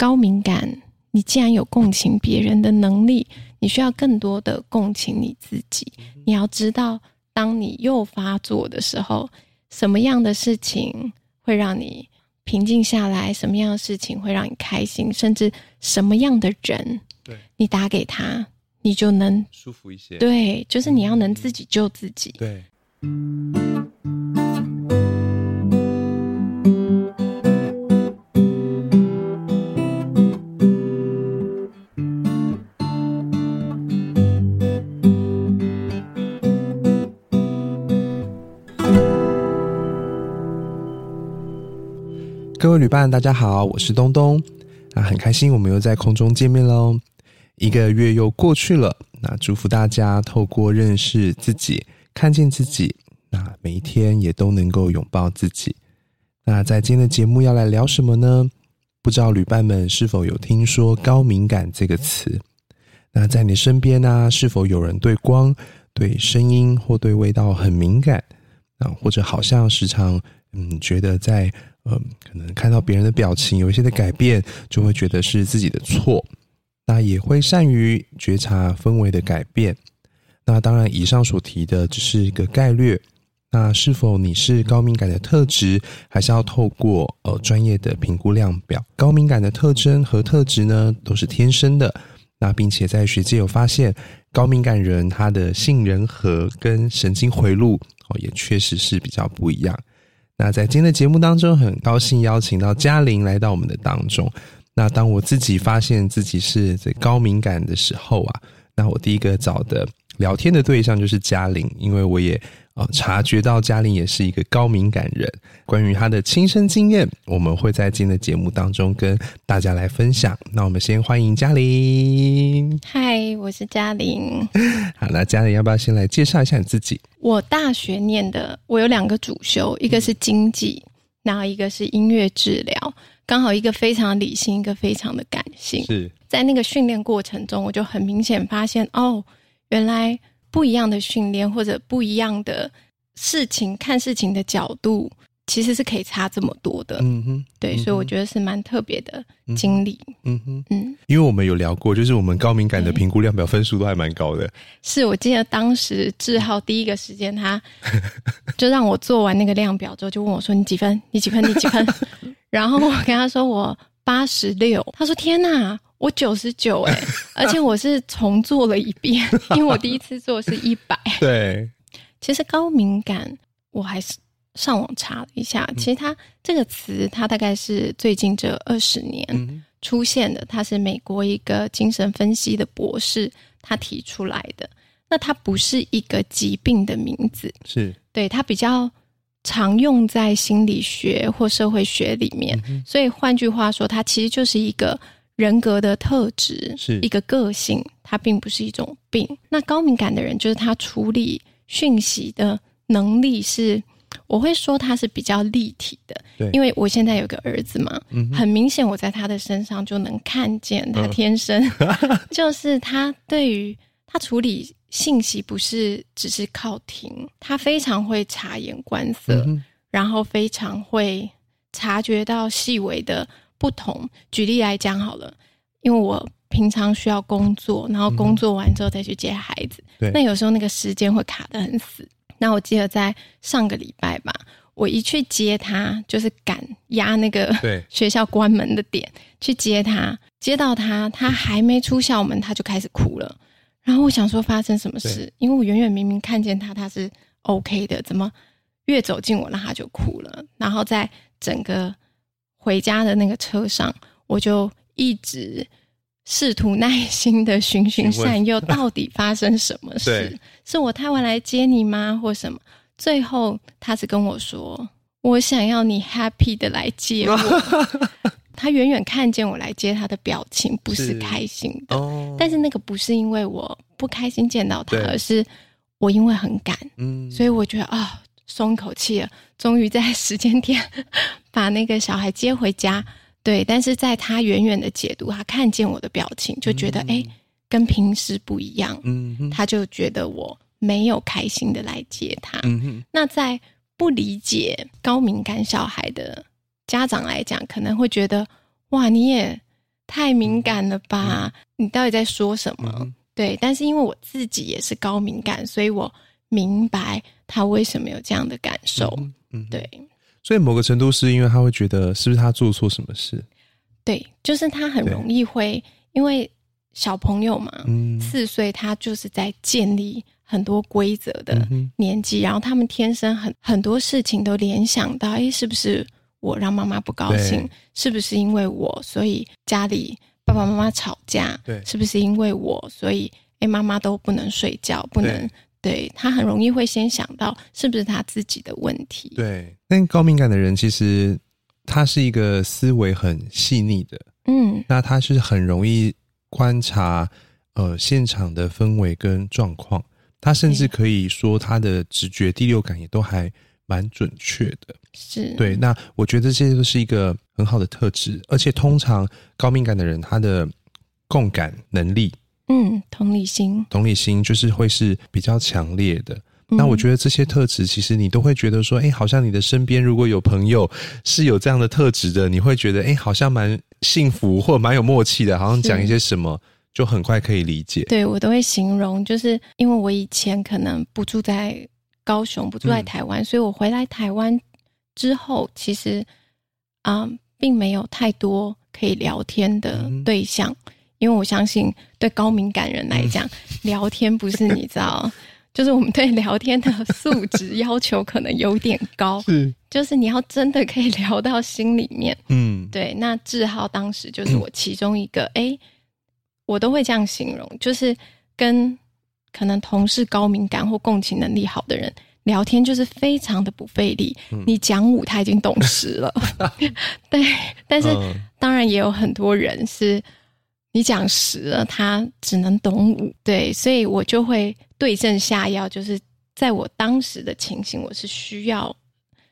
高敏感，你既然有共情別人的能力，你需要更多的共情你自己。嗯哼。你要知道，當你又發作的時候，什麼樣的事情會讓你平靜下來？什麼樣的事情會讓你開心？甚至什麼樣的人，對，你打給他，你就能舒服一些。對，就是你要能自己救自己。嗯哼。對。各位旅伴，大家好，我是東東，啊，很開心我們又在空中見面嘍。一個月又過去了，那祝福大家透過認識自己，看見自己，那每一天也都能夠擁抱自己。那在今天的節目要來聊什麼呢？不知道旅伴們是否有聽說“高敏感”這個詞？那在你身邊呢，啊，是否有人對光、對聲音或對味道很敏感？啊，或者好像時常嗯，覺得在。嗯，可能看到別人的表情有一些的改變，就會覺得是自己的錯。那也會善於覺察氛圍的改變。那當然，以上所提的只是一個概略。那是否你是高敏感的特質，還是要透過呃專業的評估量表？高敏感的特徵和特質呢，都是天生的。那並且在學界有發現，高敏感人他的杏仁核跟神經回路哦，也確實是比較不一樣。那在今天的節目當中，很高興邀請到嘉玲來到我們的當中。那當我自己發現自己是這高敏感的時候啊，那我第一個找的聊天的對象就是嘉玲，因為我也。哦，察覺到嘉玲也是一個高敏感人，關於她的親身經驗，我們會在今天的節目當中跟大家來分享。那我們先歡迎嘉玲。嗨，我是嘉玲。好，那嘉玲要不要先來介紹一下你自己？我大學念的，我有兩個主修，一個是經濟，嗯，然後一個是音樂治療。剛好一個非常理性，一個非常的感性。是，在那個訓練過程中，我就很明顯發現，哦，原來。不一樣的訓練或者不一樣的事情，看事情的角度其實是可以差這麼多的。嗯哼，對，嗯、哼所以我覺得是蠻特別的經歷、嗯。嗯哼，嗯，因為我們有聊過，就是我們高敏感的評估量表分數都還蠻高的。是我記得當時志浩第一個時間，他就讓我做完那個量表之後，就問我說你：“你幾分？你幾分？你幾分？” 然後我跟他說：“我八十六。”他說天、啊：“天哪！”我九十九哎， 而且我是重做了一遍，因為我第一次做是一百。對，其實高敏感，我還是上網查了一下，嗯、其實它這個詞，它大概是最近這二十年出現的，嗯、哼它是美國一個精神分析的博士他提出來的。那它不是一個疾病的名字，是，對，它比較常用在心理學或社會學裡面。嗯、哼所以換句話說，它其實就是一個。人格的特質是一個個性，它並不是一種病。那高敏感的人，就是他處理訊息的能力是，我會說他是比較立體的。對因為我現在有個兒子嘛，嗯、哼很明顯我在他的身上就能看見他天生、嗯、 就是他對於他處理信息不是只是靠聽，他非常會察言觀色，嗯、哼然後非常會察覺到細微的。不同，舉例來講好了，因為我平常需要工作，然後工作完之後再去接孩子，對、嗯哼，那有時候那個時間會卡得很死。對那我記得在上個禮拜吧，我一去接他，就是趕壓那個學校關門的點對去接他，接到他，他還沒出校門，他就開始哭了。然後我想說發生什麼事，對因為我遠遠明明看見他，他是 OK 的，怎麼越走近我，那他就哭了？然後在整個回家的那個車上，我就一直試圖耐心的循循善誘，又到底發生什麼事？對是我太晚來接你嗎，或什麼？最後，他是跟我說：“我想要你 happy 的來接我。” 他遠遠看見我來接他的表情不是開心的，是哦、但是那個不是因為我不開心見到他，對而是我因為很趕，嗯、所以我覺得啊、哦，鬆口氣了，終於在時間點。把那個小孩接回家，對，但是在他遠遠的解讀，他看見我的表情，就覺得哎、嗯哼，跟平時不一樣，嗯、哼他就覺得我沒有開心的來接他，嗯、哼那在不理解高敏感小孩的家長來講，可能會覺得哇，你也太敏感了吧？嗯、你到底在說什麼？嗯、對，但是因為我自己也是高敏感，所以我明白他為什麼有這樣的感受，嗯、哼對。所以某個程度是因為他會覺得是不是他做錯什麼事？對，就是他很容易會對因為小朋友嘛，四、嗯、歲他就是在建立很多規則的年紀，嗯、哼然後他們天生很很多事情都聯想到：哎、欸，是不是我讓媽媽不高興？對是不是因為我所以家裡爸爸媽媽吵架？嗯、對，是不是因為我所以哎、欸、媽媽都不能睡覺，不能對，對他很容易會先想到是不是他自己的問題？對。但高敏感的人其實他是一個思維很細膩的，嗯，那他是很容易觀察呃現場的氛圍跟狀況，他甚至可以說他的直覺第六感也都還蠻準確的，是對。那我覺得這就是一個很好的特質，而且通常高敏感的人他的共感能力，嗯，同理心，同理心就是會是比較強烈的。那我覺得這些特質，其實你都會覺得說，誒、欸，好像你的身邊如果有朋友是有這樣的特質的，你會覺得，誒、欸，好像蠻幸福或者蠻有默契的，好像講一些什麼是就很快可以理解。對，我都會形容，就是因為我以前可能不住在高雄，不住在台灣，嗯、所以我回來台灣之後，其實啊、呃，並沒有太多可以聊天的對象，嗯、因為我相信對高敏感人來講，嗯、聊天不是你知道。 就是我們對聊天的素質要求可能有點高， 是就是你要真的可以聊到心裡面，嗯，對。那志浩當時就是我其中一個，哎、嗯欸，我都會這樣形容，就是跟可能同事、高敏感或共情能力好的人聊天，就是非常的不費力。嗯、你講五，他已經懂十了， 對。但是當然也有很多人是你講十了，他只能懂五，對。所以我就會。對症下藥，就是在我當時的情形，我是需要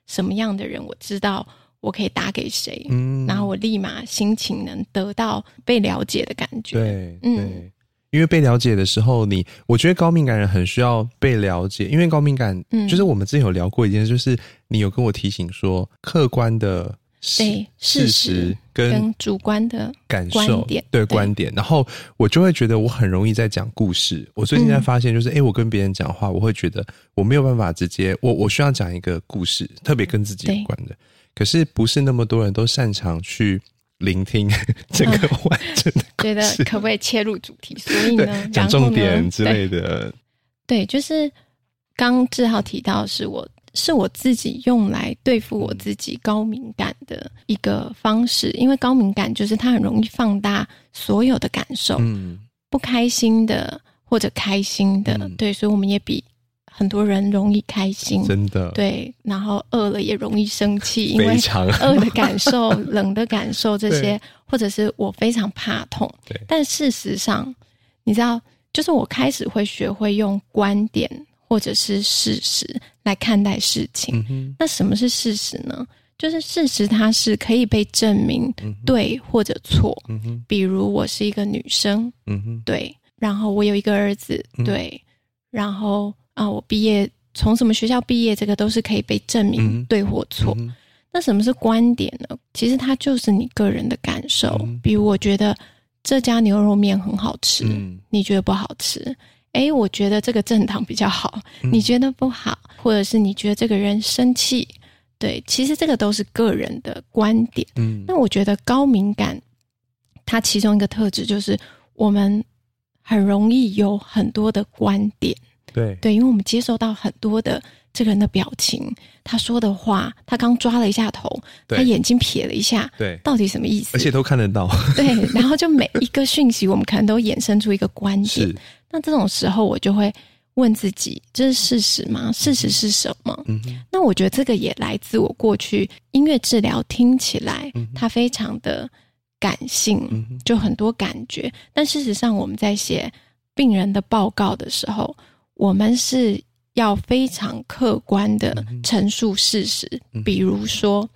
什麼樣的人，我知道我可以打給誰，嗯，然後我立馬心情能得到被了解的感覺，對，對，嗯，因為被了解的時候，你，我覺得高敏感人很需要被了解，因為高敏感，嗯，就是我們之前有聊過一件事，就是你有跟我提醒說，客觀的。對，事實跟、跟主觀的觀感受，對，對觀點，然後我就會覺得我很容易在講故事。我最近在發現，就是哎、嗯，我跟別人講話，我會覺得我沒有辦法直接，我我需要講一個故事，特別跟自己有關的。對可是不是那麼多人都擅長去聆聽這個完整的故事，啊。覺得可不可以切入主題？所以呢，對呢講重點之類的對。對，就是剛志浩提到的是我。是我自己用來對付我自己高敏感的一個方式，因為高敏感就是它很容易放大所有的感受，不開心的或者開心的，對，所以我們也比很多人容易開心，真的，對。然後餓了也容易生氣，因為餓的感受、冷的感受這些，或者是我非常怕痛。但事實上，你知道，就是我開始會學會用觀點。或者是事實來看待事情，嗯、哼那什麼是事實呢？就是事實它是可以被證明對或者錯。嗯、哼比如我是一個女生，嗯、哼對，然後我有一個兒子，嗯、哼對，然後啊，我畢業，從什麼學校畢業，這個都是可以被證明對或錯。嗯、哼那什麼是觀點呢？其實它就是你個人的感受。比如我覺得這家牛肉麵很好吃，嗯、你覺得不好吃。哎，A, 我覺得這個政黨比較好，嗯、你覺得不好，或者是你覺得這個人生氣？對，其實這個都是個人的觀點。嗯，那我覺得高敏感，它其中一個特質就是我們很容易有很多的觀點。對對，因為我們接受到很多的這個人的表情，他說的話，他剛抓了一下頭，對 他眼睛瞥了一下，對，到底什麼意思？而且都看得到。對，然後就每一個訊息，我們可能都衍生出一個觀點。 是那這種時候，我就會問自己：這是事實嗎？事實是什麼？那我覺得這個也來自我過去音樂治療聽起來，它非常的感性，就很多感覺。但事實上，我們在寫病人的報告的時候，我們是要非常客觀的陳述事實。比如說，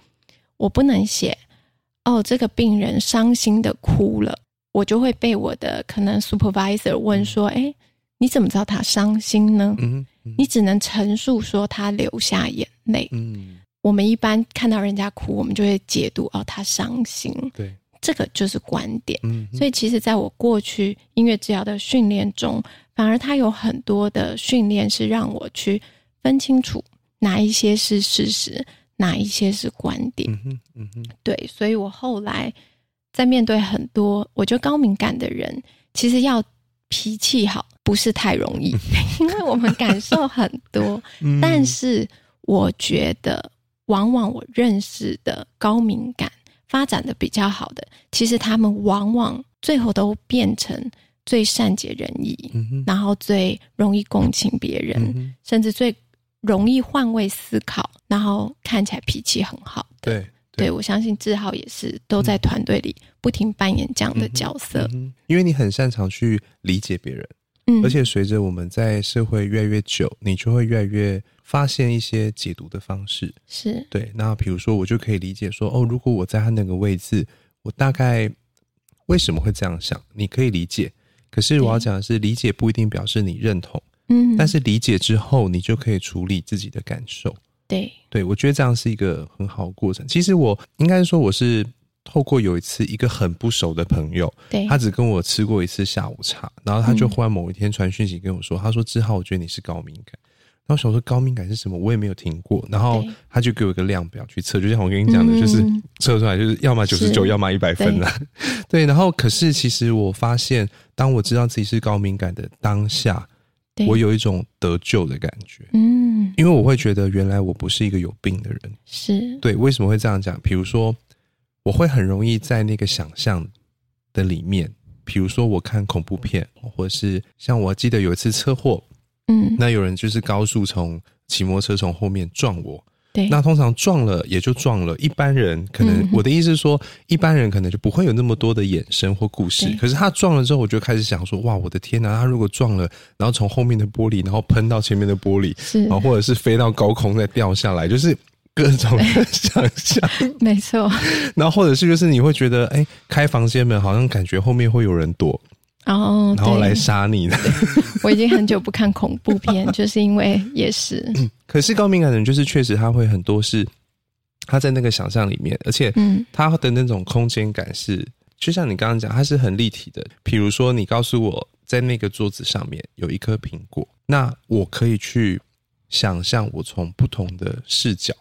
我不能寫“哦，這個病人傷心的哭了”。我就會被我的可能 supervisor 問說：“哎，你怎麼知道他傷心呢？嗯嗯、你只能陳述說他流下眼淚。嗯哼”我們一般看到人家哭，我們就會解讀哦，他傷心。對，這個就是觀點。嗯、哼所以其實在我過去音樂治療的訓練中，反而他有很多的訓練是讓我去分清楚哪一些是事實，哪一些是觀點。嗯嗯、對，所以我後來。在面對很多，我覺得高敏感的人其實要脾氣好不是太容易，因為我們感受很多。 嗯、哼但是我覺得，往往我認識的高敏感發展得比較好的，其實他們往往最後都變成最善解人意，嗯、哼然後最容易共情別人，嗯、哼甚至最容易換位思考，然後看起來脾氣很好。對。對，我相信志浩也是都在團隊裡不停扮演這樣的角色。嗯嗯、因為你很擅長去理解別人，嗯，而且隨着我們在社會越來越久，你就會越來越發現一些解讀的方式。是對，那比如說我就可以理解說，哦，如果我在他那個位置，我大概為什麼會這樣想？你可以理解，可是我要講的是，嗯、理解不一定表示你認同，嗯哼，但是理解之後，你就可以處理自己的感受。對，對我覺得這樣是一個很好的過程。其實我應該說我是透過有一次一個很不熟的朋友，對他只跟我吃過一次下午茶，然後他就忽然某一天傳訊息跟我說，嗯、他說：“志浩，我覺得你是高敏感。”然後想說：“高敏感是什麼？”我也沒有聽過。然後他就給我一個量表去測，就像我跟你講的，嗯、就是測出來就是要麼九十九，要麼一百分了，啊。對， 對，然後可是其實我發現，當我知道自己是高敏感的當下，對我有一種得救的感覺，嗯，因為我會覺得原來我不是一個有病的人。是。對，為什麼會這樣講？比如說，我會很容易在那個想象的裡面，比如說我看恐怖片，或是像我記得有一次車禍，嗯，那有人就是高速從騎摩托車從後面撞我。那通常撞了也就撞了，一般人可能、嗯、哼我的意思是說，一般人可能就不會有那麼多的衍生或故事。對可是他撞了之後，我就開始想說：哇，我的天哪！他如果撞了，然後從後面的玻璃，然後噴到前面的玻璃，啊是，然後或者是飛到高空再掉下來，就是各種的想象。 沒錯錯。然後，或者是就是你會覺得，哎、欸，開房間門好像感覺後面會有人躲。後，oh, 然後來殺你的。我已經很久不看恐怖片， 就是因為也是、嗯。可是高敏感人就是確實他會很多是，他在那個想象裡面，而且他的那種空間感是，嗯、就像你剛剛講，他是很立體的。比如說你告訴我在那個桌子上面有一顆蘋果，那我可以去想象我從不同的視角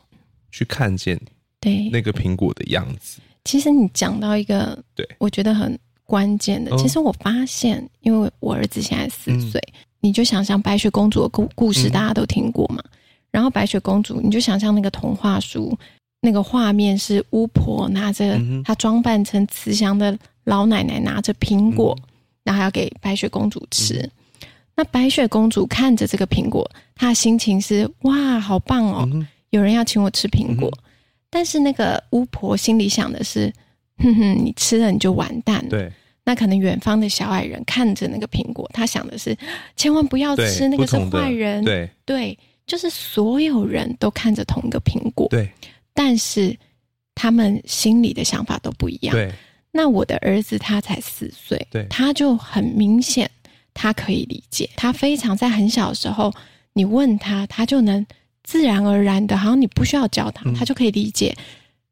去看見對那個蘋果的樣子。其實你講到一個，對我覺得很。關鍵的，其實我發現，因為我兒子現在四歲，嗯、你就想象白雪公主的故故事，大家都聽過嘛。嗯、然後白雪公主，你就想象那個童話書，那個畫面是巫婆拿着、嗯、哼她裝扮成慈祥的老奶奶，拿着蘋果，嗯、然後還要給白雪公主吃。嗯、那白雪公主看着這個蘋果，她的心情是哇，好棒哦，嗯、哼有人要請我吃蘋果。嗯、哼但是那個巫婆心裡想的是，哼哼，你吃了你就完蛋了。那可能遠方的小矮人看着那個蘋果，他想的是千萬不要吃，那個是壞人。對，對，對，就是所有人都看着同一個蘋果，對，但是他們心裡的想法都不一樣。對，那我的兒子他才四歲，對他就很明顯，他可以理解，對他非常在很小的時候，你問他，他就能自然而然的，好像你不需要教他，他就可以理解。嗯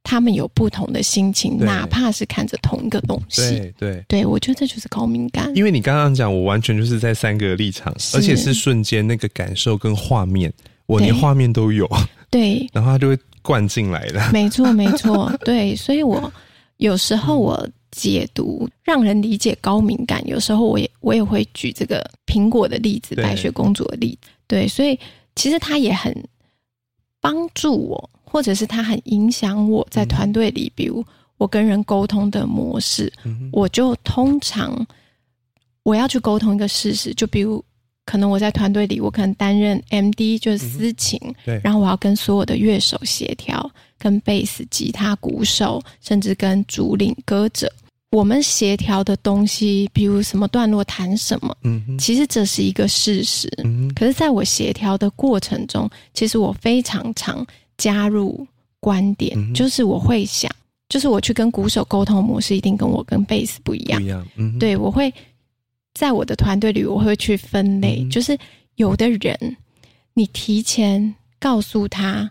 他們有不同的心情，對哪怕是看着同一個東西，對，對，對我覺得這就是高敏感。因為你剛剛講，我完全就是在三個立場，是而且是瞬間那個感受跟畫面，我連畫面都有，對，對然後他就會灌進來了，沒錯，沒錯，對，所以我有時候我解讀、嗯、讓人理解高敏感，有時候我也我也會舉這個蘋果的例子、對白雪公主的例子，對，所以其實它也很幫助我。或者是他很影響我在團隊裡，比如我跟人溝通的模式，嗯、哼我就通常我要去溝通一個事實，就比如可能我在團隊裡，我可能擔任 MD，就是司琴、嗯，對，然後我要跟所有的樂手協調，跟貝斯、吉他、鼓手，甚至跟主領歌者，我們協調的東西，比如什麼段落彈什麼，嗯哼，其實這是一個事實，嗯、哼可是，在我協調的過程中，其實我非常常，加入觀點，就是我會想，就是我去跟鼓手溝通的模式一定跟我跟貝斯不一樣。不一樣，嗯，對，我會在我的團隊裡，我會去分類。嗯哼，就是有的人，你提前告訴他，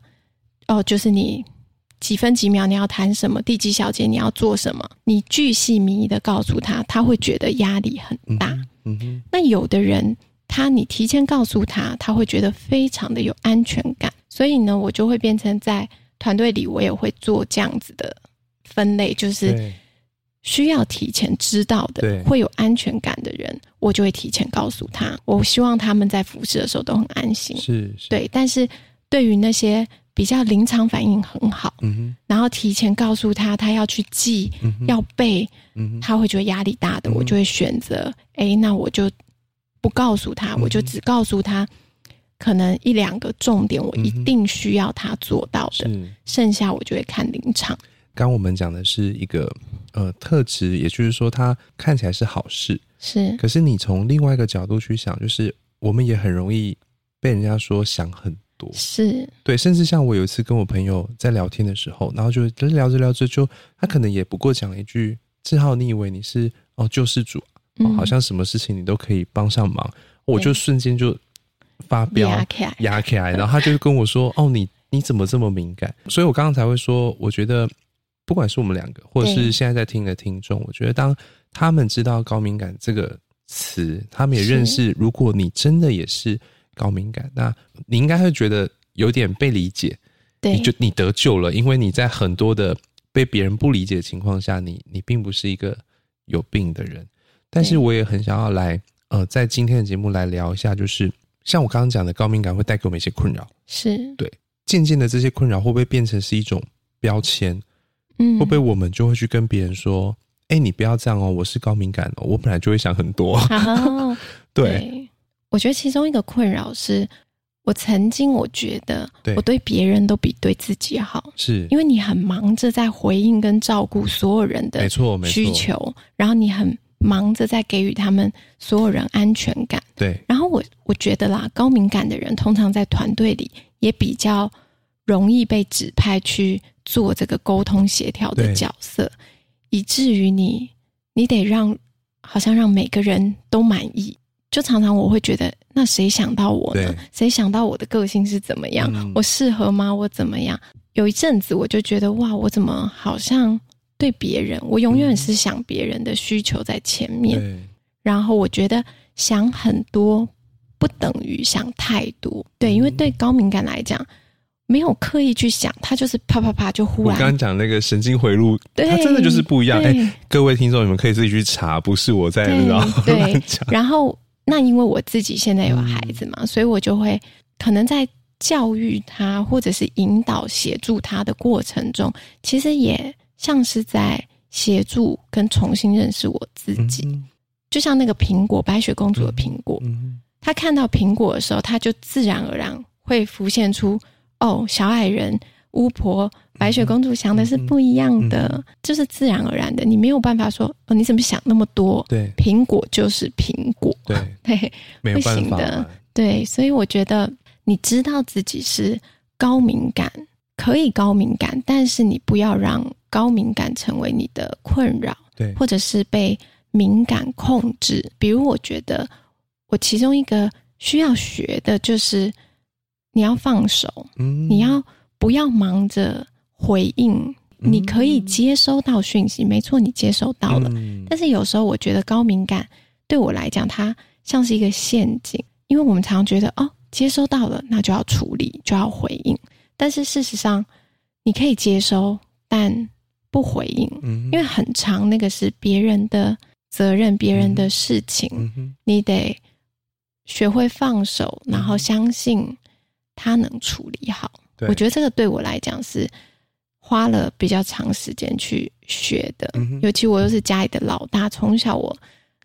哦，就是你幾分幾秒你要彈什麼，第幾小節你要做什麼，你巨細靡遺的告訴他，他會覺得壓力很大。嗯哼，嗯哼，那有的人，他你提前告訴他，他會覺得非常的有安全感。所以呢，我就會變成在團隊裡，我也會做這樣子的分類，就是需要提前知道的，對會有安全感的人，對我就會提前告訴他。我希望他們在服侍的時候都很安心，是，是對。但是，對於那些比較臨場反應很好，嗯、哼然後提前告訴他他要去記、嗯、哼要背，嗯、哼他會覺得壓力大的，嗯、哼我就會選擇哎、欸，那我就不告訴他，我就只告訴他。嗯可能一兩個重點，我一定需要他做到的，嗯、剩下我就會看臨場。剛我們講的是一個呃特質，也就是說，他看起來是好事，是。可是你從另外一個角度去想，就是我們也很容易被人家說想很多，是對。甚至像我有一次跟我朋友在聊天的時候，然後就聊着聊着就他可能也不過講一句：“志浩，你以為你是哦救世主、就是主啊，嗯、哦，好像什麼事情你都可以幫上忙。”我就瞬間就。發飆，駕駕然後他就跟我說：“ 哦，你你怎麼這麼敏感？”所以，我剛剛才會說，我覺得不管是我們兩個，或者是現在在聽的聽眾，對我覺得當他們知道“高敏感”這個詞，他們也認識，如果你真的也是高敏感，是那你應該會覺得有點被理解，對你就你得救了，因為你在很多的被別人不理解的情況下，你你並不是一個有病的人。但是，我也很想要來，對呃，在今天的節目來聊一下，就是。像我剛剛講的，高敏感會帶給我們一些困擾，是對。漸漸的，這些困擾會不會變成是一種標籤？嗯，會不會我們就會去跟別人說：“哎、嗯欸，你不要這樣哦，我是高敏感的、哦，我本來就會想很多。好” 對，對我覺得其中一個困擾是，我曾經我覺得我對別人都比對自己好，是對因為你很忙着在回應跟照顧所有人的需求，然後你很。忙着在給予他們所有人安全感。對。然後我我覺得啦，高敏感的人通常在團隊裡也比較容易被指派去做這個溝通協調的角色，以對至於你你得讓好像讓每個人都滿意。就常常我會覺得，那誰想到我呢？對誰想到我的個性是怎麼樣？嗯、我適合嗎？我怎麼樣？有一陣子我就覺得，哇，我怎麼好像。對別人，我永遠是想別人的需求在前面。嗯、然後我覺得想很多不等於想太多，對，因為對高敏感來講，沒有刻意去想，他就是啪啪啪就忽然。我剛剛講那個神經回路，對，他真的就是不一樣對。誒，各位聽眾，你們可以自己去查，不是我在講。對，然後那因為我自己現在有孩子嘛，嗯、所以我就會可能在教育他或者是引導協助他的過程中，其實也。像是在協助跟重新認識我自己，就像那個蘋果，白雪公主的蘋果，他、嗯嗯、他看到蘋果的時候，他就自然而然會浮現出哦，小矮人、巫婆、白雪公主想的是不一樣的，嗯嗯嗯、就是自然而然的，你沒有辦法說哦，你怎麼想那麼多？對，蘋果就是蘋果，對， 對，嘿嘿，不行的，對，所以我覺得你知道自己是高敏感，可以高敏感，但是你不要讓。高敏感成為你的困擾，對或者是被敏感控制。比如，我覺得我其中一個需要學的就是你要放手，嗯、你要不要忙着回應？嗯、你可以接收到訊息，嗯、沒錯，你接收到了。嗯、但是有時候，我覺得高敏感對我來講，它像是一個陷阱，因為我們常常覺得哦，接收到了，那就要處理，就要回應。但是事實上，你可以接收，但不回應，因為很長那個是別人的責任，別人的事情，你得學會放手，然後相信他能處理好。對我覺得這個對我來講是花了比較長時間去學的，尤其我又是家裡的老大，從小我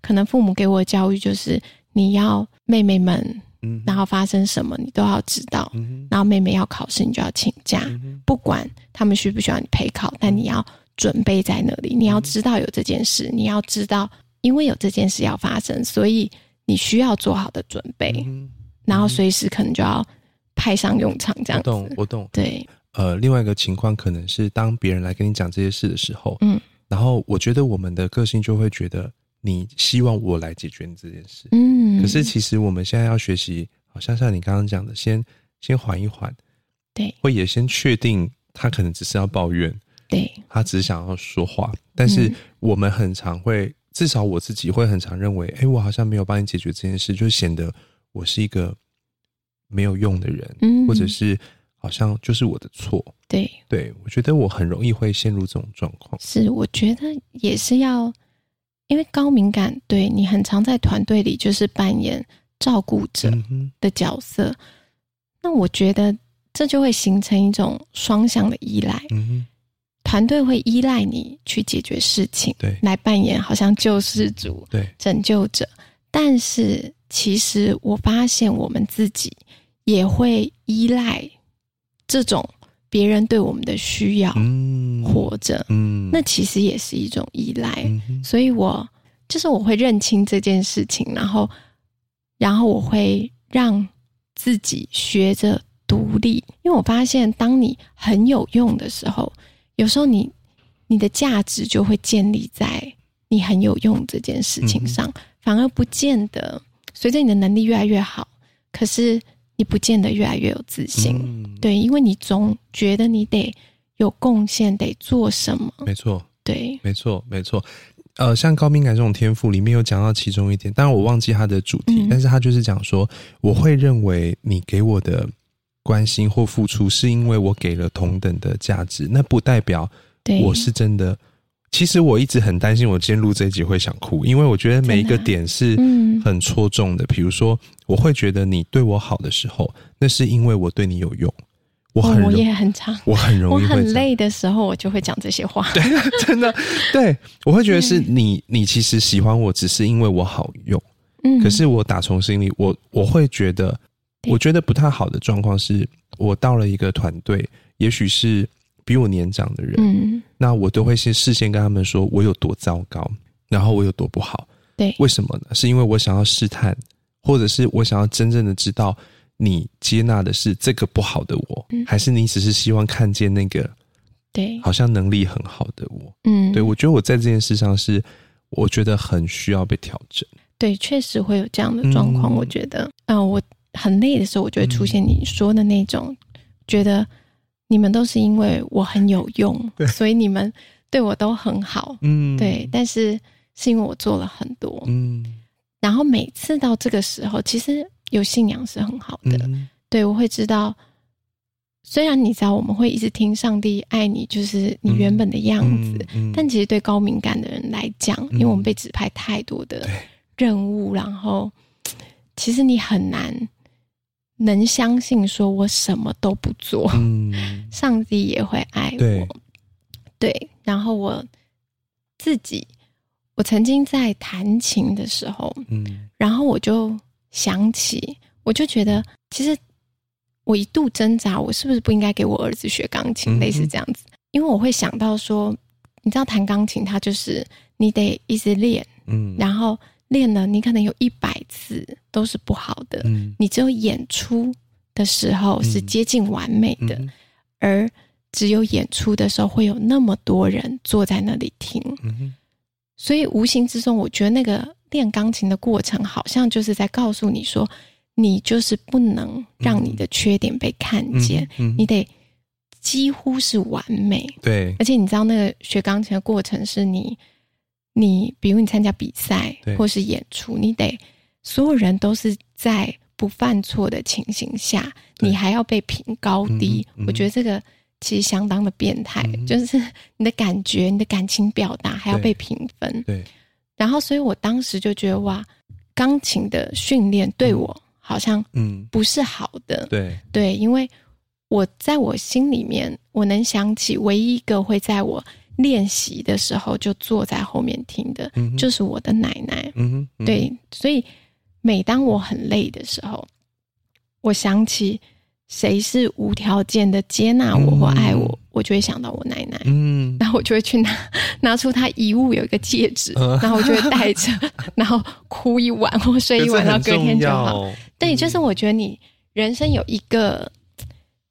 可能父母給我的教育就是你要妹妹們。然後發生什麼你都要知道。嗯、哼然後妹妹要考試，你就要請假。嗯、哼不管他們需不需要你陪考，但你要準備在那裡。你要知道有這件事，嗯、哼你要知道，因為有這件事要發生，所以你需要做好的準備。嗯、哼然後隨時可能就要派上用場。這樣子我懂，我懂。對，呃，另外一個情況可能是當別人來跟你講這些事的時候，嗯，然後我覺得我們的個性就會覺得。你希望我來解決你這件事，嗯，可是其實我們現在要學習，好像像你剛剛講的，先先緩一緩，對，會也先確定他可能只是要抱怨，對，他只是想要說話，但是我們很常會，嗯、至少我自己會很常認為，哎、欸，我好像沒有幫你解決這件事，就顯得我是一個沒有用的人，嗯，或者是好像就是我的錯，對，對，對，我覺得我很容易會陷入這種狀況，是，我覺得也是要。因為高敏感對你很常在團隊裡就是扮演照顧者的角色，嗯、哼那我覺得這就會形成一種雙向的依賴，嗯、哼團隊會依賴你去解決事情，對來扮演好像救世主、對拯救者，但是其實我發現我們自己也會依賴這種。別人對我們的需要，活着，嗯嗯、那其實也是一種依賴。嗯、哼所以我就是我會認清這件事情，然後，然後我會讓自己學着獨立。因為我發現，當你很有用的時候，有時候你你的價值就會建立在你很有用這件事情上，嗯、哼反而不見得隨着你的能力越來越好。可是。你不見得越來越有自信，嗯、對，因為你總覺得你得有貢獻，得做什麼？沒錯，對，沒錯，沒錯。呃，像高敏感這種天賦，裡面有講到其中一點，當然我忘記他的主題，嗯、但是他就是講說，我會認為你給我的關心或付出，是因為我給了同等的價值，那不代表我是真的。其實我一直很擔心，我今天錄這一集會想哭，因為我覺得每一個點是很戳中的。真的啊，嗯，比如說，我會覺得你對我好的時候，那是因為我對你有用。哦、我也很長，我很容易，我很累的時候，我就會講這些話。對，真的，對，我會覺得是你，你其實喜歡我只是因為我好用。嗯，可是我打從心裡，我我會覺得，對我覺得不太好的狀況是，我到了一個團隊，也許是。比我年長的人，嗯、那我都會先事先跟他們說我有多糟糕，然後我有多不好。對，為什麼呢？是因為我想要試探，或者是我想要真正的知道你接納的是這個不好的我，嗯、還是你只是希望看見那個對，好像能力很好的我。嗯、對，對我覺得我在這件事上是我覺得很需要被調整。對，確實會有這樣的狀況。嗯、我覺得，嗯、呃，我很累的時候，我就會出現你說的那種、嗯、覺得。你們都是因為我很有用，所以你們對我都很好。嗯對，對。但是是因為我做了很多。嗯，然後每次到這個時候，其實有信仰是很好的。嗯、對，我會知道，雖然你知道我們會一直聽上帝愛你，就是你原本的樣子。嗯嗯嗯、但其實對高敏感的人來講，因為我們被指派太多的任務，嗯、然後其實你很難能相信說，我什麼都不做，嗯、上帝也會愛我。對，對，然後我自己，我曾經在彈琴的時候，嗯、然後我就想起，我就覺得，其實我一度掙扎，我是不是不應該給我兒子學鋼琴，嗯哼，類似這樣子，因為我會想到說，你知道，彈鋼琴它就是你得一直練，嗯、然後。練了，你可能有一百次都是不好的。嗯、你只有演出的時候是接近完美的，嗯嗯、而只有演出的時候會有那麼多人坐在那裡聽。嗯嗯、所以無形之中，我覺得那個練鋼琴的過程，好像就是在告訴你說，你就是不能讓你的缺點被看見，嗯嗯嗯、你得幾乎是完美。對，而且你知道，那個學鋼琴的過程是你。你比如你參加比賽或是演出，對你得所有人都是在不犯錯的情形下，對你還要被評高低。嗯嗯、我覺得這個其實相當的變態，嗯、就是你的感覺、你的感情表達還要被評分。對，對，然後所以我當時就覺得哇，鋼琴的訓練對我好像嗯不是好的。嗯嗯、對對，因為我在我心裡面，我能想起唯一一個會在我。練習的時候就坐在後面聽的，嗯、哼就是我的奶奶。嗯嗯、對，所以每當我很累的時候，我想起誰是無條件的接納我或愛我，嗯、哼我就會想到我奶奶。嗯、哼然後我就會去拿拿出她遺物，有一個戒指，嗯、哼然後我就會戴着，然後哭一晚或睡一晚，然後隔天就好。對，就是我覺得你人生有一個。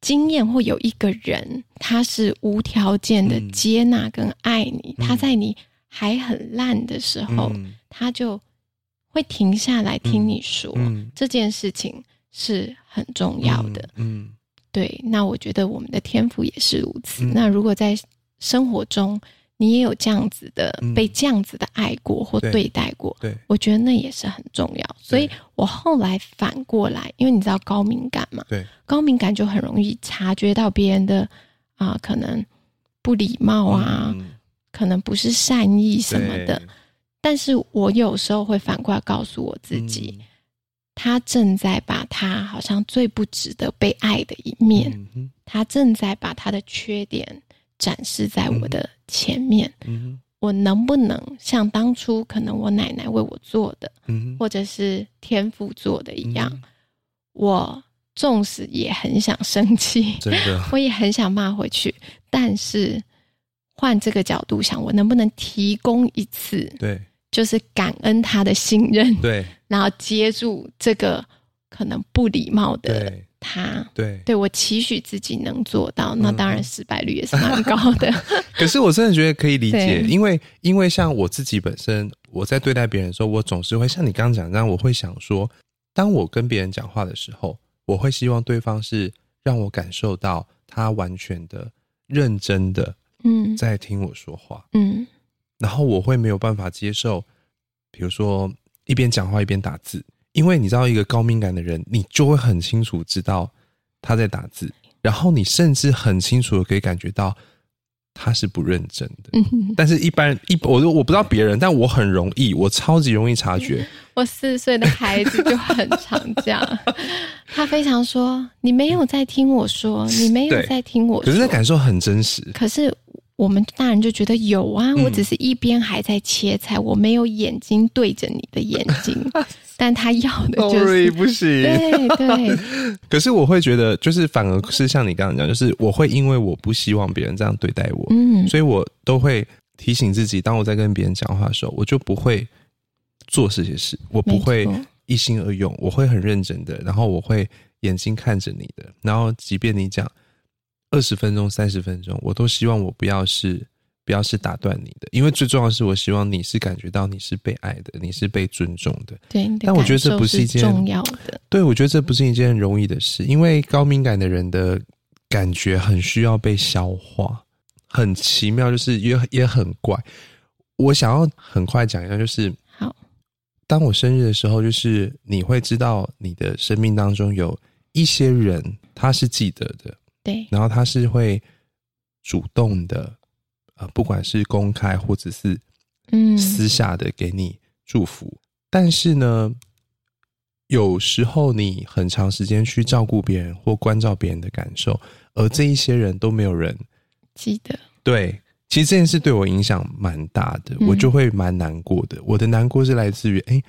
經驗會有一個人，他是無條件的接納跟愛你。嗯、他在你還很爛的時候，嗯、他就會停下來聽你說。嗯嗯、這件事情是很重要的。嗯，嗯對。那我覺得我們的天賦也是如此。嗯、那如果在生活中，你也有這樣子的、嗯、被這樣子的愛過或對待過，我覺得那也是很重要。對所以我後來反過來，因為你知道高敏感嘛，對，高敏感就很容易察覺到別人的啊、呃，可能不禮貌啊，嗯、可能不是善意什麼的。對但是我有時候會反過來告訴我自己，嗯、他正在把他好像最不值得被愛的一面，嗯、哼他正在把他的缺點。展示在我的前面，嗯、哼我能不能像當初可能我奶奶為我做的，嗯、哼或者是天父做的一樣？嗯、哼我縱使也很想生氣，的我也很想罵回去，但是換這個角度想，我能不能提供一次？對就是感恩他的信任，對然後接住這個可能不禮貌的。他對，對我期許自己能做到，那當然失敗率也是蠻高的。嗯、 可是我真的覺得可以理解，對因為因為像我自己本身，我在對待別人的時候，我總是會像你剛剛講這樣，我會想說，當我跟別人講話的時候，我會希望對方是讓我感受到他完全的認真的，嗯，在聽我說話，嗯，然後我會沒有辦法接受，比如說一邊講話一邊打字。因為你知道，一個高敏感的人，你就會很清楚知道他在打字，然後你甚至很清楚的可以感覺到他是不認真的。嗯、哼但是一，一般一我我不知道別人，但我很容易，我超級容易察覺。我四歲的孩子就很常這樣， 他非常說：“你沒有在聽我說，你沒有在聽我說。”可是那感受很真實。可是我們大人就覺得有啊，我只是一邊還在切菜，嗯、我沒有眼睛對着你的眼睛。 但他要的就是 Sorry, 不行 對，對對。可是我會覺得，就是反而是像你剛剛講，就是我會因為我不希望別人這樣對待我，嗯，所以我都會提醒自己，當我在跟別人講話的時候，我就不會做這些事，我不會一心二用，沒錯，我會很認真的，然後我會眼睛看着你的，然後即便你講二十分鐘、三十分鐘，我都希望我不要是。不要是打斷你的，因為最重要的是，我希望你是感覺到你是被愛的，你是被尊重的。對，但我覺得這不是一件重要的。對，我覺得這不是一件容易的事，因為高敏感的人的感覺很需要被消化，很奇妙，就是也也很怪。我想要很快講一下，就是好。當我生日的時候，就是你會知道你的生命當中有一些人他是記得的，對，然後他是會主動的。不管是公開或者是嗯私下的給你祝福，嗯、但是呢，有時候你很長時間去照顧別人或關照別人的感受，而這一些人都沒有人記得。對，其實這件事對我影響蠻大的，嗯、我就會蠻難過的。我的難過是來自於，哎、欸，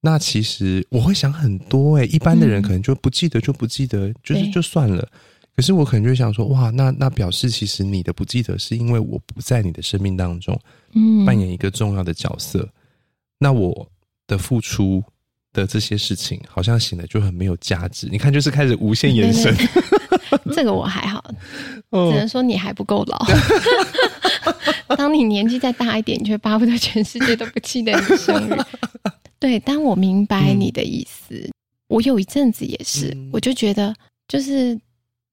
那其實我會想很多、欸。哎，一般的人可能就不記得就不記得，嗯、就是就算了。可是我可能就會想說，哇，那那表示其實你的不記得是因為我不在你的生命當中，扮演一個重要的角色。嗯、那我的付出的這些事情，好像顯得就很沒有價值。你看，就是開始無限延伸。這個我還好， 只能說你還不夠老。 當你年紀再大一點，你就巴不得全世界都不記得你生日。對，當我明白你的意思，嗯、我有一陣子也是，嗯、我就覺得就是。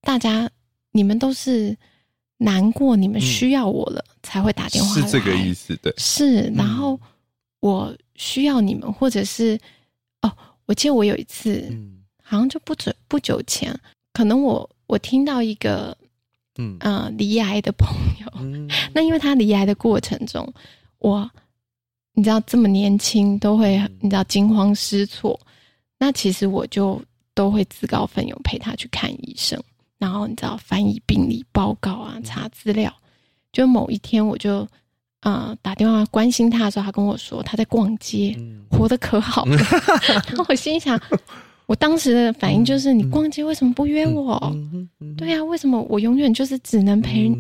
大家，你們都是難過，你們需要我了、嗯、才會打電話，是這個意思，對。是，然後、嗯、我需要你們，或者是哦，我記得我有一次，嗯、好像就不久不久前，可能我我聽到一個，嗯罹、呃、癌的朋友，嗯、那因為他罹癌的過程中，我你知道這麼年輕都會，你知道驚慌失措，嗯、那其實我就都會自告奮勇陪他去看醫生。然後你知道翻譯病理報告啊，查資料。就某一天，我就啊打電話關心他的時候，他跟我說他在逛街，活得可好。然後我心想，我當時的反應就是：你逛街為什麼不約我？對啊，為什麼我永遠就是只能陪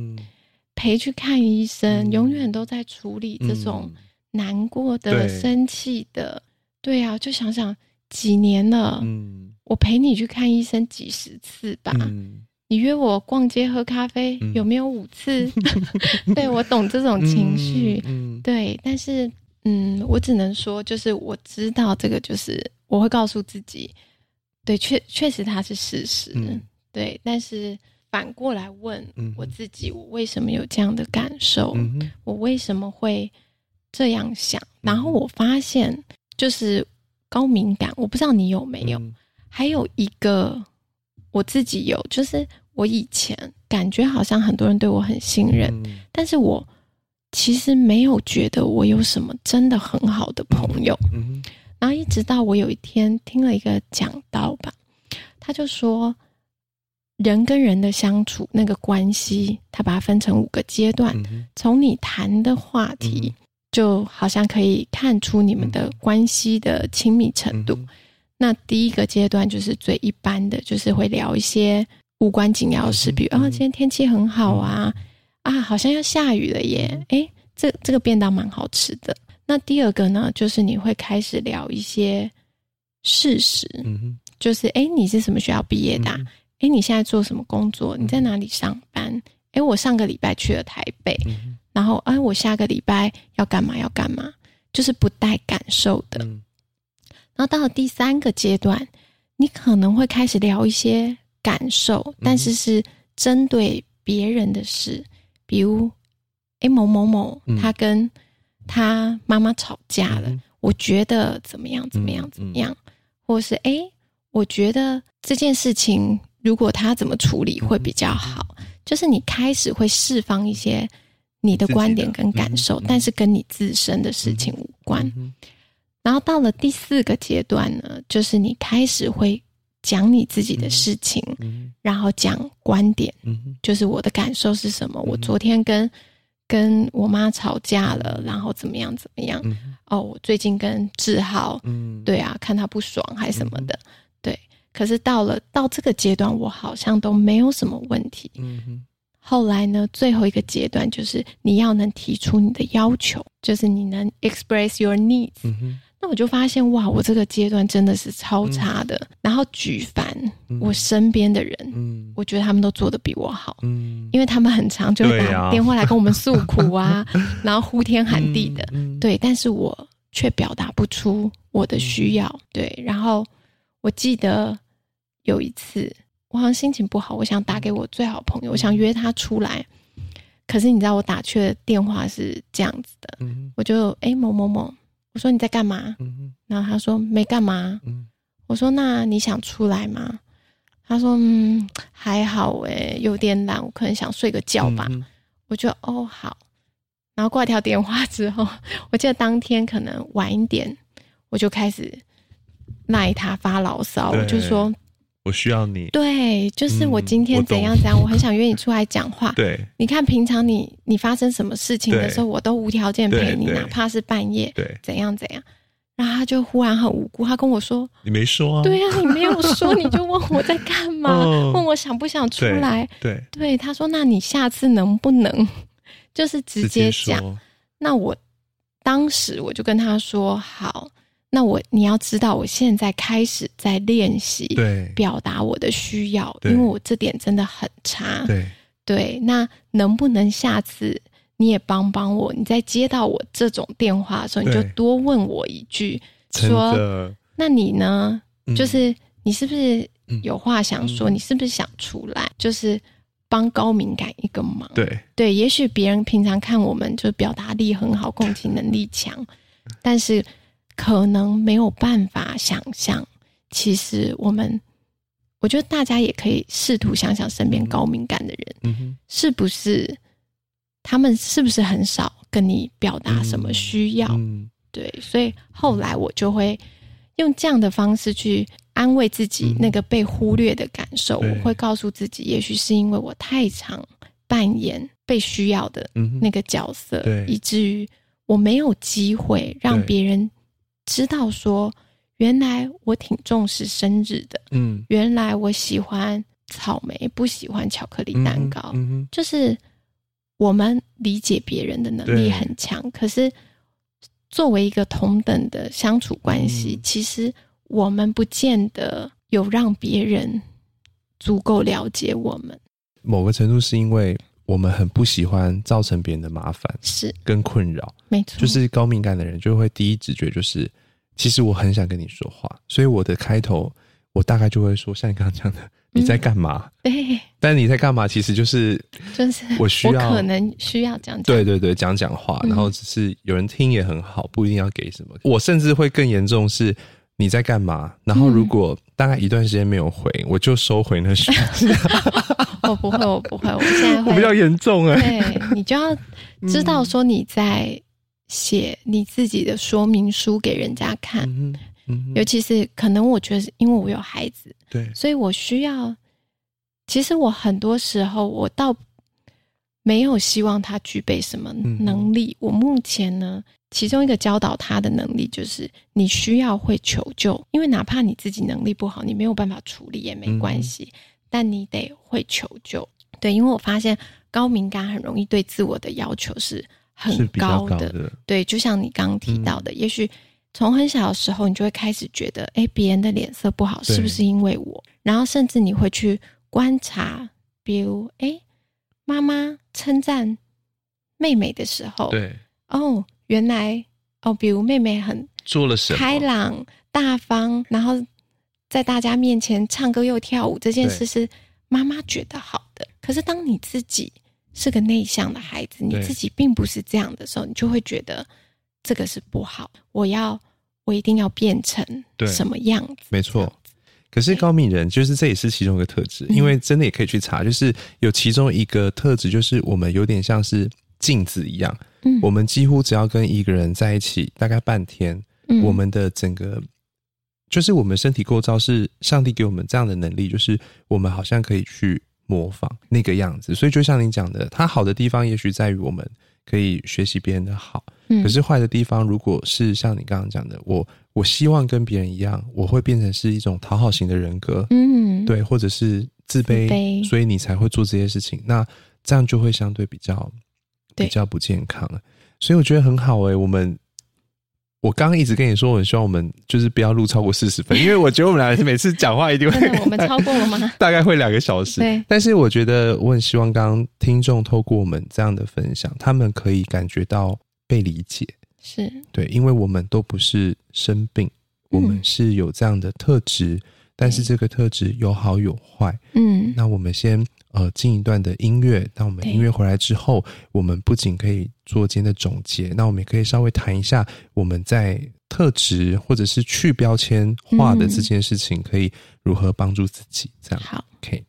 陪去看醫生，永遠都在處理這種難過的、生氣的？對啊，就想想幾年了，我陪你去看醫生幾十次吧。你約我逛街喝咖啡，嗯、有沒有五次？ 對，我懂這種情緒。嗯嗯、對，但是嗯，我只能說，就是我知道這個，就是我會告訴自己，對，確確實它是事實。嗯、對，但是反過來問我自己，我為什麼有這樣的感受？嗯、哼我為什麼會這樣想？然後我發現，就是高敏感，我不知道你有沒有。嗯、哼還有一個，我自己有，就是。我以前感覺好像很多人對我很信任，但是我其實沒有覺得我有什麼真的很好的朋友。然後一直到我有一天聽了一個講道吧，他就說人跟人的相處那個關係，他把它分成五個階段，從你談的話題就好像可以看出你們的關係的親密程度。那第一個階段就是最一般的，就是會聊一些。無關緊要事，比如啊、哦，今天天氣很好啊，啊，好像要下雨了耶。哎，這個、這個便當蠻好吃的。那第二個呢，就是你會開始聊一些事實，就是哎，你是什麼學校畢業的、啊？哎，你現在做什麼工作？你在哪裡上班？哎，我上個禮拜去了台北，然後哎我下個禮拜要幹嘛？要幹嘛？就是不帶感受的。然後到了第三個階段，你可能會開始聊一些。感受，但是是針對別人的事，比如，哎、欸，某某某他跟他媽媽吵架了，嗯、我覺得怎麼樣，怎麼樣，怎麼樣，嗯嗯、或是哎、欸，我覺得這件事情如果他怎麼處理會比較好，嗯嗯、就是你開始會釋放一些你的觀點跟感受，嗯嗯、但是跟你自身的事情無關。嗯嗯嗯嗯、然後到了第四個階段呢，就是你開始會。講你自己的事情，嗯、哼然後講觀點，嗯、哼就是我的感受是什麼。嗯、哼我昨天跟跟我媽吵架了，然後怎麼樣怎麼樣。嗯、哼哦，我最近跟志浩，嗯、哼對啊，看他不爽還是什麼的。嗯、哼對，可是到了到這個階段，我好像都沒有什麼問題。嗯、哼後來呢，最後一個階段就是你要能提出你的要求，就是你能 express your needs，嗯。那我就發現，哇，我這個階段真的是超差的。嗯、然後舉凡我身邊的人，嗯、我覺得他們都做得比我好，嗯，因為他們很常就打電話來跟我們訴苦啊，對啊 然後呼天喊地的，嗯嗯、對。但是我卻表達不出我的需要，嗯、對。然後我記得有一次，我好像心情不好，我想打給我最好朋友，嗯、我想約他出來。可是你知道我打去的電話是這樣子的，嗯、我就哎、欸、某某某。我說你在幹嘛？嗯、哼然後他說沒幹嘛。嗯、我說那你想出來嗎？他說嗯還好誒、欸，有點懶，我可能想睡個覺吧。嗯、哼我就哦好，然後掛掉電話之後，我記得當天可能晚一點，我就開始賴他發牢騷，我就說。我需要你，對，就是我今天怎樣怎樣，我很想約你出來講話。對，你看平常你你發生什麼事情的時候，我都無條件陪你，哪怕是半夜。對，怎樣怎樣，然後他就忽然很無辜，他跟我說：“你沒說啊。”對呀，你沒有說，你就問我在幹嘛，問我想不想出來。對，對，他說：“那你下次能不能就是直接講？”那我當時我就跟他說：“好。”那我，你要知道，我現在開始在練習表達我的需要，對因為我這點真的很差。對，對，那能不能下次你也幫幫我？你在接到我這種電話的時候，對你就多問我一句，對說：“者那你呢？嗯、就是你是不是有話想說？嗯、你是不是想出來？就是幫高敏感一個忙？”對，對，也許別人平常看我們就表達力很好，共情能力強， 但是。可能沒有辦法想象，其實我們，我覺得大家也可以試圖想想身邊高敏感的人，mm hmm. 是不是他們是不是很少跟你表達什麼需要？Mm hmm. 對，所以後來我就會用這樣的方式去安慰自己那個被忽略的感受。Mm hmm. 我會告訴自己，也許是因為我太常扮演被需要的那個角色，mm hmm. 以至於我沒有機會讓別人。知道說，原來我挺重視生日的，嗯，原來我喜歡草莓，不喜歡巧克力蛋糕，嗯嗯、就是我們理解別人的能力很強，對可是作為一個同等的相處關係，嗯、其實我們不見得有讓別人足夠了解我們。某個程度是因為。我們很不喜歡造成別人的麻煩，是跟困擾，沒錯。就是高敏感的人就會第一直覺就是，其實我很想跟你說話，所以我的開頭我大概就會說像你剛剛講的，你在幹嘛？嗯欸、但你在幹嘛？其實、就是、就是我需要，我可能需要講講，對對對，講講話，然後只是有人聽也很好，不一定要給什麼。嗯、我甚至會更嚴重是，你在幹嘛？然後如果大概一段時間沒有回，我就收回那些 我不會，我不會，我現在會比較嚴重哎、欸。對你就要知道說你在寫你自己的說明書給人家看，嗯嗯、尤其是可能我覺得是，因為我有孩子，對，所以我需要。其實我很多時候我倒沒有希望他具備什麼能力。嗯、我目前呢，其中一個教導他的能力就是你需要會求救，因為哪怕你自己能力不好，你沒有辦法處理也沒關係。嗯但你得會求救，對，因為我發現高敏感很容易對自我的要求是很高的，高的對，就像你剛剛提到的，嗯，也許從很小的時候，你就會開始覺得，哎，別人的臉色不好對是不是因為我？然後甚至你會去觀察，比如，哎，媽媽稱讚妹妹的時候，對，哦，原來哦，比如妹妹很做了什麼開朗大方，然後。在大家面前唱歌又跳舞這件事是媽媽覺得好的，對可是當你自己是個內向的孩子，對你自己並不是這樣的時候，對你就會覺得這個是不好。我要我一定要變成什麼樣子？對這樣子。沒錯。可是高敏人就是這也是其中一個特質，對因為真的也可以去查，嗯，就是有其中一個特質就是我們有點像是鏡子一樣，嗯，我們幾乎只要跟一個人在一起大概半天，嗯，我們的整個。就是我們身體構造是上帝給我們這樣的能力，就是我們好像可以去模仿那個樣子。所以就像你講的，它好的地方也許在於我們可以學習別人的好，嗯、可是壞的地方如果是像你剛剛講的，我我希望跟別人一樣，我會變成是一種討好型的人格，嗯，對，或者是自卑，自卑所以你才會做這些事情，那這樣就會相對比較比較不健康了。對。所以我覺得很好誒、欸，我們。我剛一直跟你說，我希望我們就是不要錄超過四十分，因為我覺得我們倆每次講話一定會， 我們超過了嗎？大概會兩個小時。對但是我覺得我很希望，剛剛聽眾透過我們這樣的分享，他們可以感覺到被理解。是對，因為我們都不是生病，我們是有這樣的特質。嗯但是這個特質有好有壞，嗯，那我們先呃進一段的音樂。當我們音樂回來之後，對我們不僅可以做今天的總結，那我們也可以稍微談一下我們在特質或者是去標籤化的這件事情可以如何幫助自己，嗯、這樣好，OK。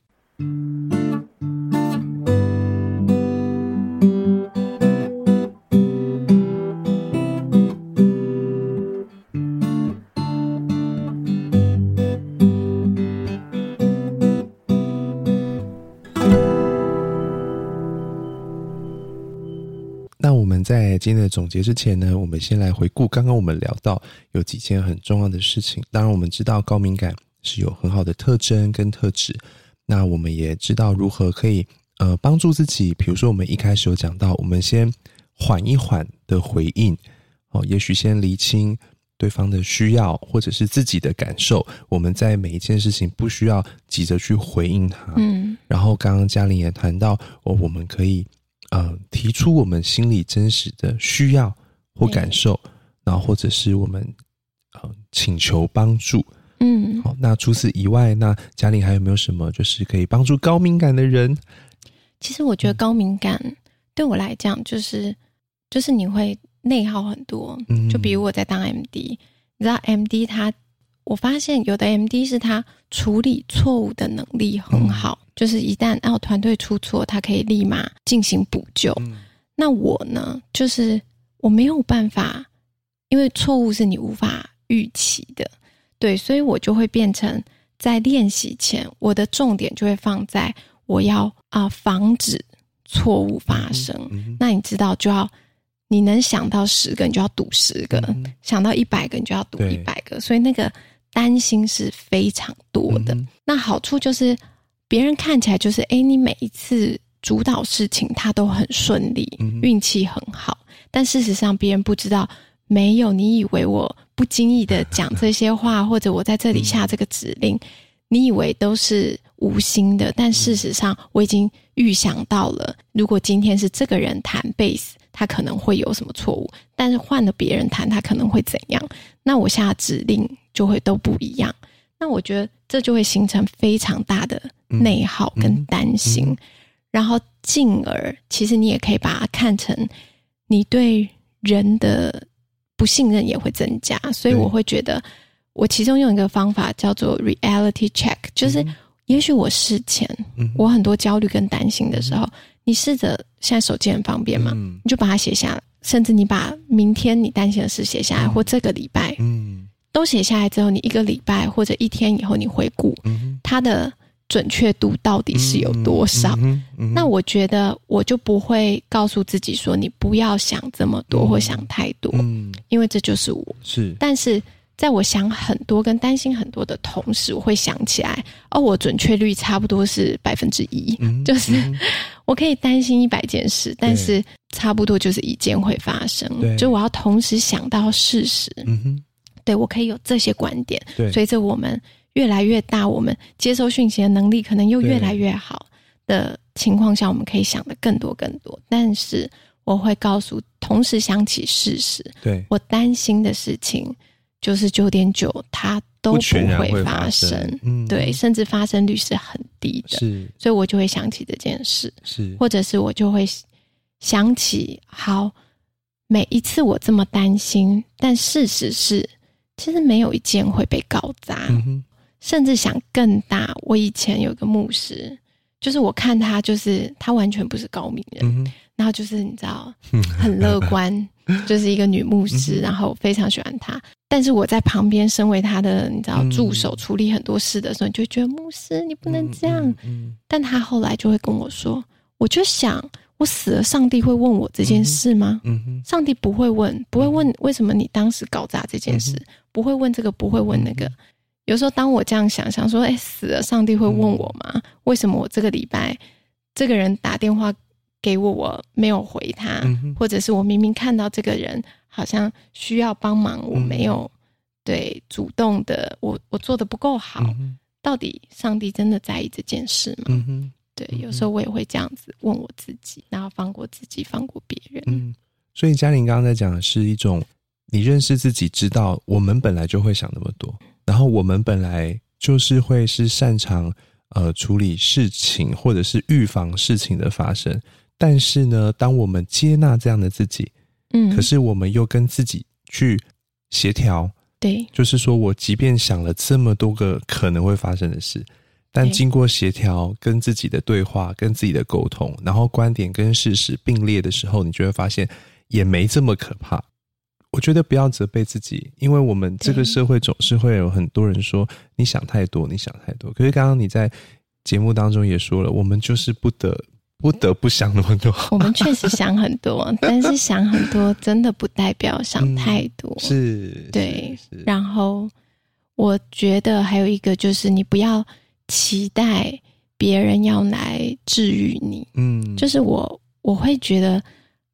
在今天的總結之前呢，我們先來回顧剛剛我們聊到有幾件很重要的事情。當然，我們知道高敏感是有很好的特徵跟特質，那我們也知道如何可以呃幫助自己。比如說，我們一開始有講到，我們先緩一緩的回應哦，也許先釐清對方的需要或者是自己的感受。我們在每一件事情不需要急着去回應他。嗯，然後剛剛嘉玲也談到哦，我們可以。嗯、呃，提出我們心裡真實的需要或感受，對然後或者是我們嗯、呃、請求幫助。嗯，好，那除此以外，那家裡還有沒有什麼就是可以幫助高敏感的人？其實我覺得高敏感、嗯、對我來講，就是就是你會內耗很多。就比如我在當 MD，、嗯、你知道 MD 他，我發現有的 MD 是他處理錯誤的能力很好。嗯嗯就是一旦啊團隊出錯，他可以立馬進行補救。嗯、那我呢，就是我沒有辦法，因為錯誤是你無法預期的，對，所以我就會變成在練習前，我的重點就會放在我要啊、呃、防止錯誤發生。嗯嗯、那你知道，就要你能想到十個，你就要賭十個；嗯、哼想到一百個，你就要賭一百個。對所以那個擔心是非常多的。嗯、哼那好處就是。別人看起來就是，哎，你每一次主導事情，他都很順利，運氣很好。但事實上，別人不知道，沒有你以為我不經意的講這些話，或者我在這裡下這個指令，你以為都是無心的。但事實上，我已經預想到了，如果今天是這個人彈貝斯，他可能會有什麼錯誤；但是換了別人彈，他可能會怎樣？那我下指令就會都不一樣。那我覺得這就會形成非常大的內耗跟擔心，嗯嗯嗯、然後進而其實你也可以把它看成你對人的不信任也會增加，所以我會覺得我其中用一個方法叫做 reality check，就是也許我事前，嗯嗯、我很多焦慮跟擔心的時候，嗯，你試着現在手機很方便嘛，嗯，你就把它寫下來，甚至你把明天你擔心的事寫下來，嗯，或這個禮拜，嗯。嗯都寫下來之後，你一個禮拜或者一天以後，你回顧，嗯、哼它的準確度到底是有多少？嗯嗯嗯、那我覺得我就不會告訴自己說你不要想這麼多或想太多，哦、嗯，因為這就是我。是，但是在我想很多跟擔心很多的同時，我會想起來，哦，我準確率差不多是百分之一，嗯、哼就是、嗯、哼我可以擔心一百件事，對但是差不多就是一件會發生。對就我要同時想到事實。嗯哼。對，我可以有這些觀點。對，隨着我們越來越大，我們接受訊息的能力可能又越來越好的情況下，對，我們可以想得更多更多。但是我會告訴，同時想起事實，對，我擔心的事情就是九點九，它都不會發生。發生對，嗯，甚至發生率是很低的，是。所以我就會想起這件事，是，或者是我就會想起，好，每一次我這麼擔心，但事實是。其實沒有一件會被搞砸，嗯、哼甚至想更大。我以前有一個牧師，就是我看他，就是他完全不是高敏人，嗯、哼然後就是你知道很樂觀， 就是一個女牧師，嗯、哼然後我非常喜歡她。但是我在旁邊，身為她的你知道、嗯、哼助手，處理很多事的時候，你就覺得、嗯、哼牧師你不能這樣。嗯、哼但他後來就會跟我說，我就想我死了，上帝會問我這件事嗎？嗯、哼上帝不會問，不會問為什麼你當時搞砸這件事。嗯不會問這個，不會問那個。嗯、哼有時候，當我這樣想想說：“哎，死了，上帝會問我嗎？嗯、哼為什麼我這個禮拜，這個人打電話給我，我沒有回他？嗯、哼或者是我明明看到這個人好像需要幫忙，我沒有、嗯、哼對主動的，我我做的不夠好？嗯、哼到底上帝真的在意這件事嗎？”嗯、哼對，有時候我也會這樣子問我自己，然後放過自己，放過別人。嗯、所以，嘉玲剛剛在講的是一種。你認識自己，知道我們本來就會想那麼多，然後我們本來就是會是擅長呃處理事情，或者是預防事情的發生。但是呢，當我們接納這樣的自己，嗯，可是我們又跟自己去協調，對，就是說我即便想了這麼多個可能會發生的事，但經過協調，對，跟自己的對話、跟自己的溝通，然後觀點跟事實並列的時候，你就會發現也沒這麼可怕。我覺得不要責備自己，因為我們這個社會總是會有很多人說對你想太多，你想太多。可是剛剛你在節目當中也說了，我們就是不得不得不想那麼多。我們確實想很多， 但是想很多真的不代表想太多。嗯、是，對。是是。然後我覺得還有一個就是，你不要期待別人要來治癒你。嗯，就是我我會覺得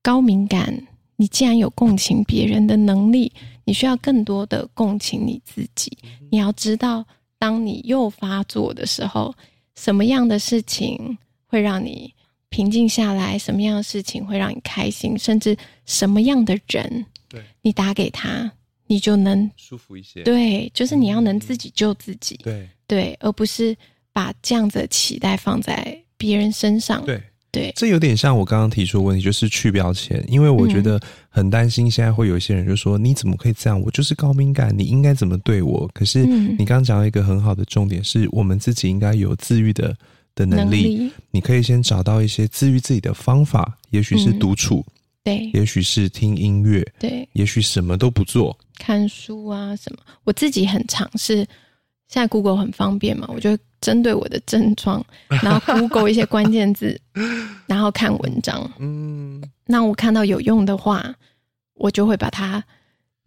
高敏感。你既然有共情別人的能力，你需要更多的共情你自己。嗯、哼你要知道，當你又發作的時候，什麼樣的事情會讓你平靜下來？什麼樣的事情會讓你開心？甚至什麼樣的人，對你打給他，對你就能舒服一些。對，就是你要能自己救自己。嗯嗯對對，而不是把這樣子的期待放在別人身上。對，這有點像我剛剛提出的問題，就是去標籤，因為我覺得很擔心現在會有一些人就說、嗯、你怎麼可以這樣？我就是高敏感，你應該怎麼對我？可是你剛剛講到一個很好的重點，是我們自己應該有自癒的的能力，能力。你可以先找到一些自癒自己的方法，也許是獨處，嗯、對，也許是聽音樂，對，也許什麼都不做，看書啊什麼。我自己很嘗試，現在 Google 很方便嘛，我就。針對我的症狀，然後 Google 一些關鍵字， 然後看文章。那我看到有用的話，我就會把它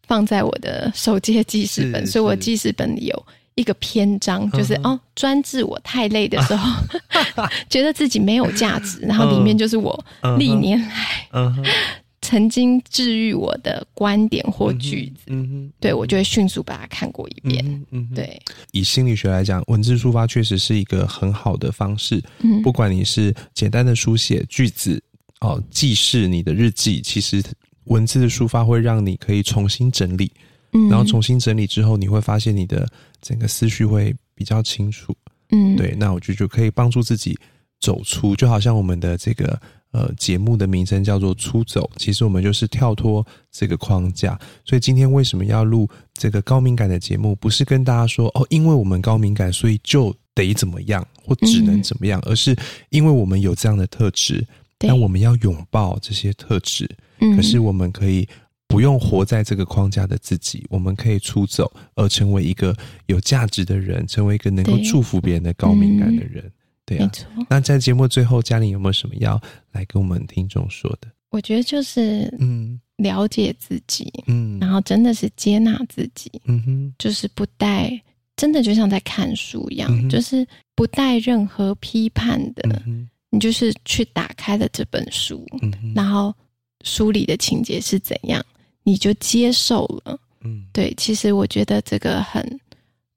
放在我的手機的記事本。是是所以，我記事本裡有一個篇章，就是 哦，專治我太累的時候， 覺得自己沒有價值。然後裡面就是我歷年來， 曾經治癒我的觀點或句子，嗯哼，對我就會迅速把它看過一遍。嗯，對，以心理學來講，文字抒發確實是一個很好的方式。嗯，不管你是簡單的書寫句子，哦，記事，你的日記，其實文字的抒發會讓你可以重新整理，嗯，然後重新整理之後，你會發現你的整個思緒會比較清楚。嗯，對，那我就就可以幫助自己走出，就好像我們的這個。呃，節目的名稱叫做“出走”，其實我們就是跳脫這個框架。所以今天為什麼要錄這個高敏感的節目？不是跟大家說哦，因為我們高敏感，所以就得怎麼樣或只能怎麼樣，嗯、而是因為我們有這樣的特質，那對我們要擁抱這些特質。嗯、可是我們可以不用活在這個框架的自己，我們可以出走，而成為一個有價值的人，成為一個能夠祝福別人的高敏感的人。對啊，沒錯，那在節目最後，嘉玲有沒有什麼要來跟我們聽眾說的？我覺得就是，嗯，了解自己，嗯，然後真的是接納自己，嗯哼，就是不帶，真的就像在看書一樣，嗯哼，就是不帶任何批判的，嗯哼，你就是去打開了這本書，嗯哼，然後書裡的情節是怎樣，你就接受了，嗯，對，其實我覺得這個很。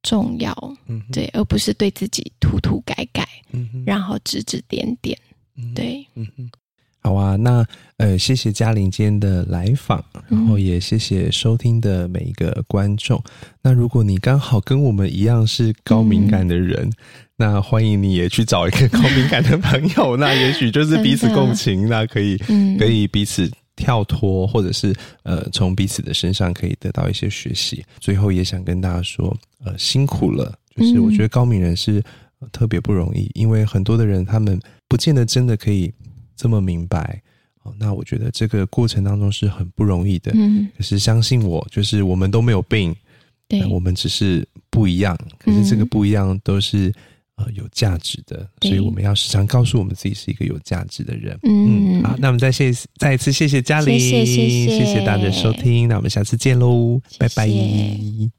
重要，嗯，對，而不是對自己塗塗改改，嗯哼，然後指指點點，對，嗯哼。好啊，那呃，謝謝嘉玲今天的來訪，然後也謝謝收聽的每一個觀眾。嗯、那如果你剛好跟我們一樣是高敏感的人，嗯、那歡迎你也去找一個高敏感的朋友， 那也許就是彼此共情，的那可以，可以彼此。跳脫，或者是呃，從彼此的身上可以得到一些學習。最後也想跟大家說，呃，辛苦了。就是我覺得高敏人是特別不容易，嗯、因為很多的人他們不見得真的可以這麼明白。那我覺得這個過程當中是很不容易的。嗯，可是相信我，就是我們都沒有病，對我們只是不一樣。可是這個不一樣都是。呃，有價值的，所以我們要時常告訴我們自己是一個有價值的人。嗯，嗯，好，那我們再謝再一次謝謝嘉玲，謝謝，謝，謝，謝謝大家的收聽，那我們下次見嘍，謝謝拜拜。